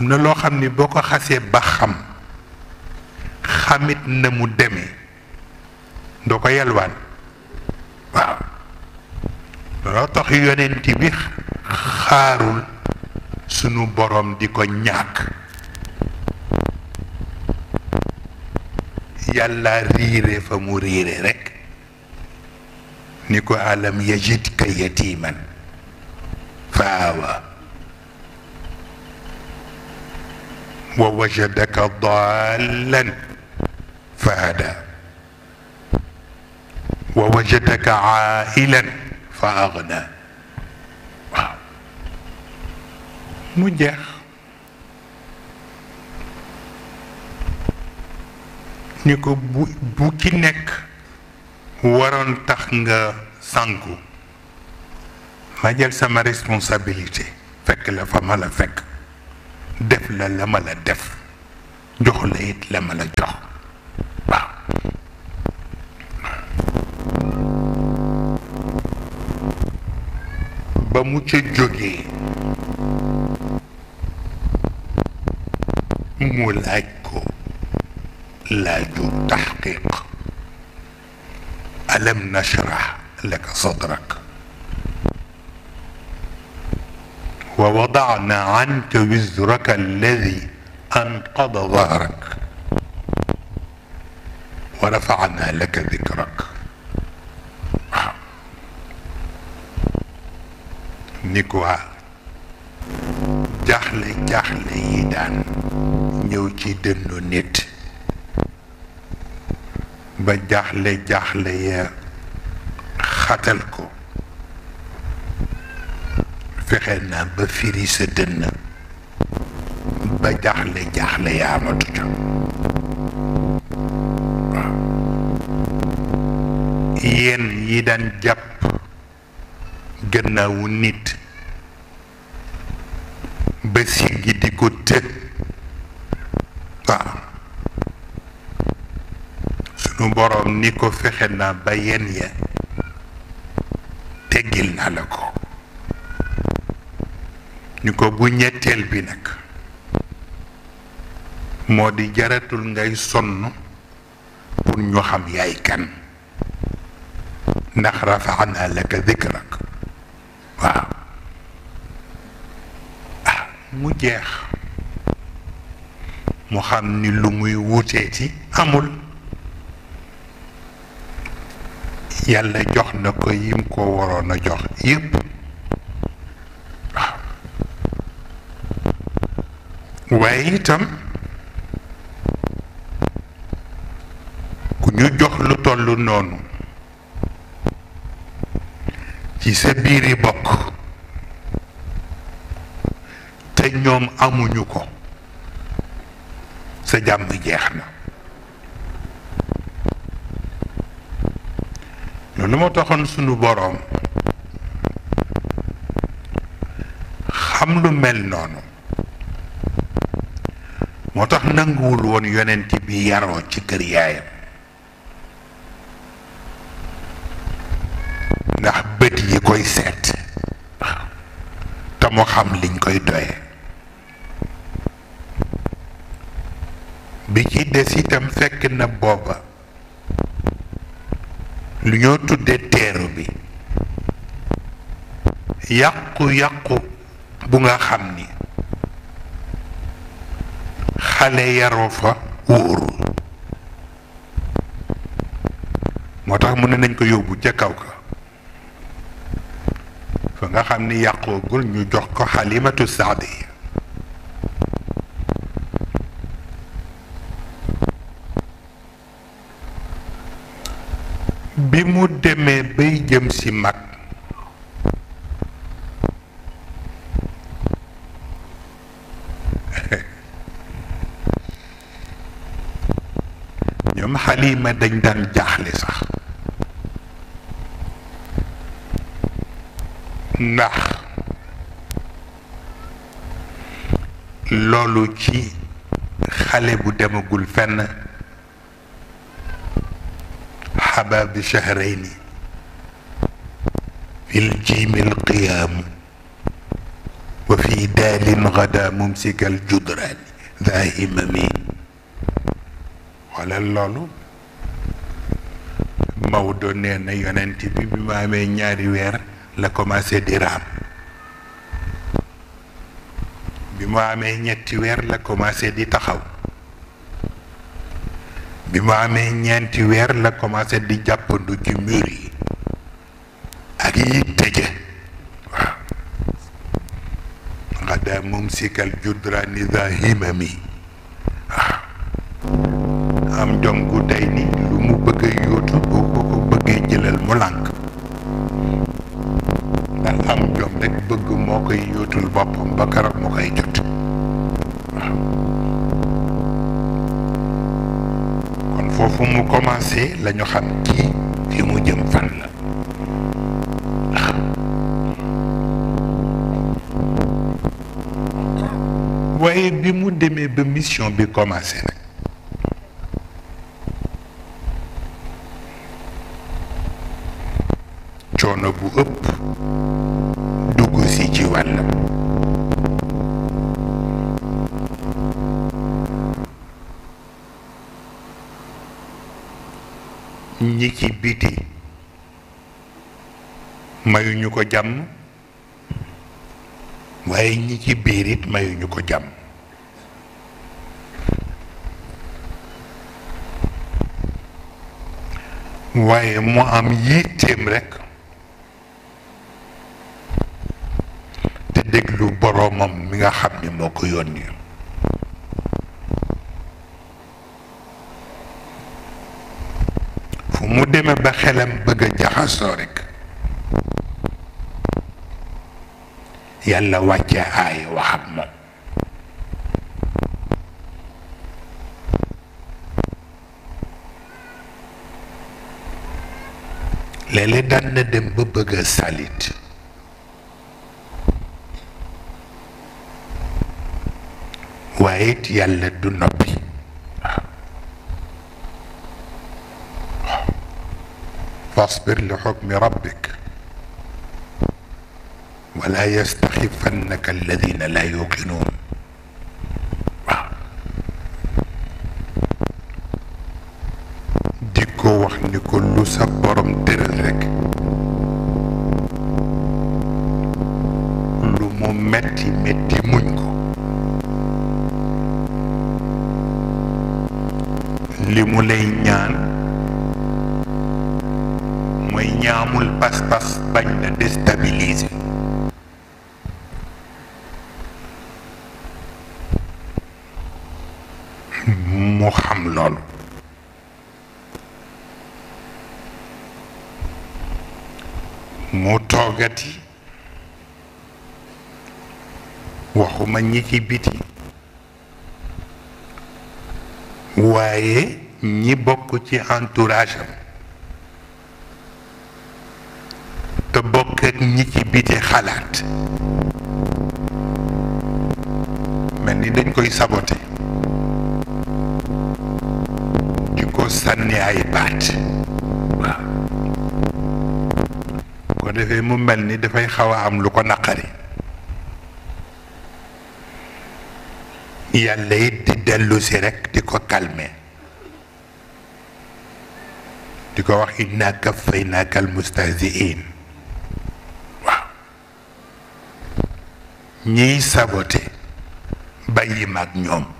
na loo xam ni boo ko xasee ba xam xamit na mu deme doo ko yalwaan waaw loo tax yonent bi xaarul sunu boroom di ko ñàkk yàlla riire fa mu riire rekk ni ko alam yajidka yatiman fa awa ووجدك ضالا فهدى ووجدك عائلا فاغنى مجاح نيكو بوكي نك ورون تخنغ سانكو ما جل سما ريسبونسابيليتي فك لا فما لا فك def la la ma la def jox la it la ma la jox waaw ba mu ca jóge mu laaj ko laaju tahqiq alam nashrah laka sadrak ووضعنا عنك وزرك الذي انقض ظهرك ورفعنا لك ذكرك نيكوا نعم. جحل جحل يدان نيوتي دنو نيت با جحل يا خاتلكو fexe naa ba firi sa dënn ba jaaxle jaaxle yaa amatu ca waaw yéen yi daan jàpp gannaawu nit ba siggi di ko tëg waaw sunu boroom ni ko fexe naa ba yen ya teggil naa la ko ñu ko bu ñetteel bi nag moo di jaratul ngay sonn pour ñu xam yaay kan ndax rafaana laka dikrak waaw ah mu jeex mu xam ni lu muy wuteeti amul yàlla jox na ko yim ko waroon a jox yépp waaye itam ku ñu jox lu tollu noonu ci sa biiri bokk te ñoom amuñu ko sa jàmm jeex na loolu moo taxoon sunu boroom xam lu mel noonu moo tax nanguwul woon yonent bi yaroo ci kër yaayam ndax bët yi koy seet waaw te mu xam liñ koy doy bi ci des itam fekk na booba lu ñoo tudde teeru bi yàqu yàqu bu nga xam ni xale yaro fa wor motax tax mu ne nañ ko yóbbu ci kaw ka fa nga xamni yaqo yàqoogul ñu jox ko halimatu sa'di bi mu démé bay jëm ci mag ñom halima dañ dañ jaxlé sax ndax lolu ci xale bu demagul fenn xabaabi shahrayni fi ljiimi alqiyaamu wa fi daalin gada mumsika aljudraani ذا هممي waral loolu Maodo nee na yonent bi bi ma amee ñaari weer la commencé di raam bi mu amee ñetti weer la commencé di taxaw bi mu amee ñeenti weer la commencé di jàppandu ci mur yi ak yi tëje waaw xadaa mumsikal judrani za himami am jom gu tey ni lu mu bëgg a yóotu boo ko ko bëggee jëlal mu lànk ndax am jom rek bëgg moo koy yóotul boppam ba karab mu koy jot kon foofu mu commencé la xam kii fi mu jëm fan la waaye bi mu demee ba mission bi commencé nag ñi ci biti mayuñu ko jàmm waaye ñi ci biir it mayuñu ko jàmm waaye mu am yitteem rekk te déglu boroomam mi nga xam ni moo ko yónni mu demee ba xelam bëgg a jaxasoo rek yàlla wàcce aay wax ak moom léeg-léeg daan na dem ba bëgg a salit waaye it yàlla du noppi فاصبر لحكم ربك ولا يستخفنك الذين لا يوقنون ديكو وحني كل سبر مدرك كل ممتي متي منكو لمولينيان ñaamul pas-pas bañ la déstabiliser mu xam lool mu toogati waxuma ñi ci biti waaye ñi bokk ci entourage ñi ci biti xalaat mel ni dañ koy saboté di ko sànni ay baat waaw ko defee mu mel ni dafay xaw a am lu ko naqari yàlla it di dellu si rekk di ko calmer di ko wax inna kafaynaaka almustahziin ñiy sabote bàyyi yi ak ñoom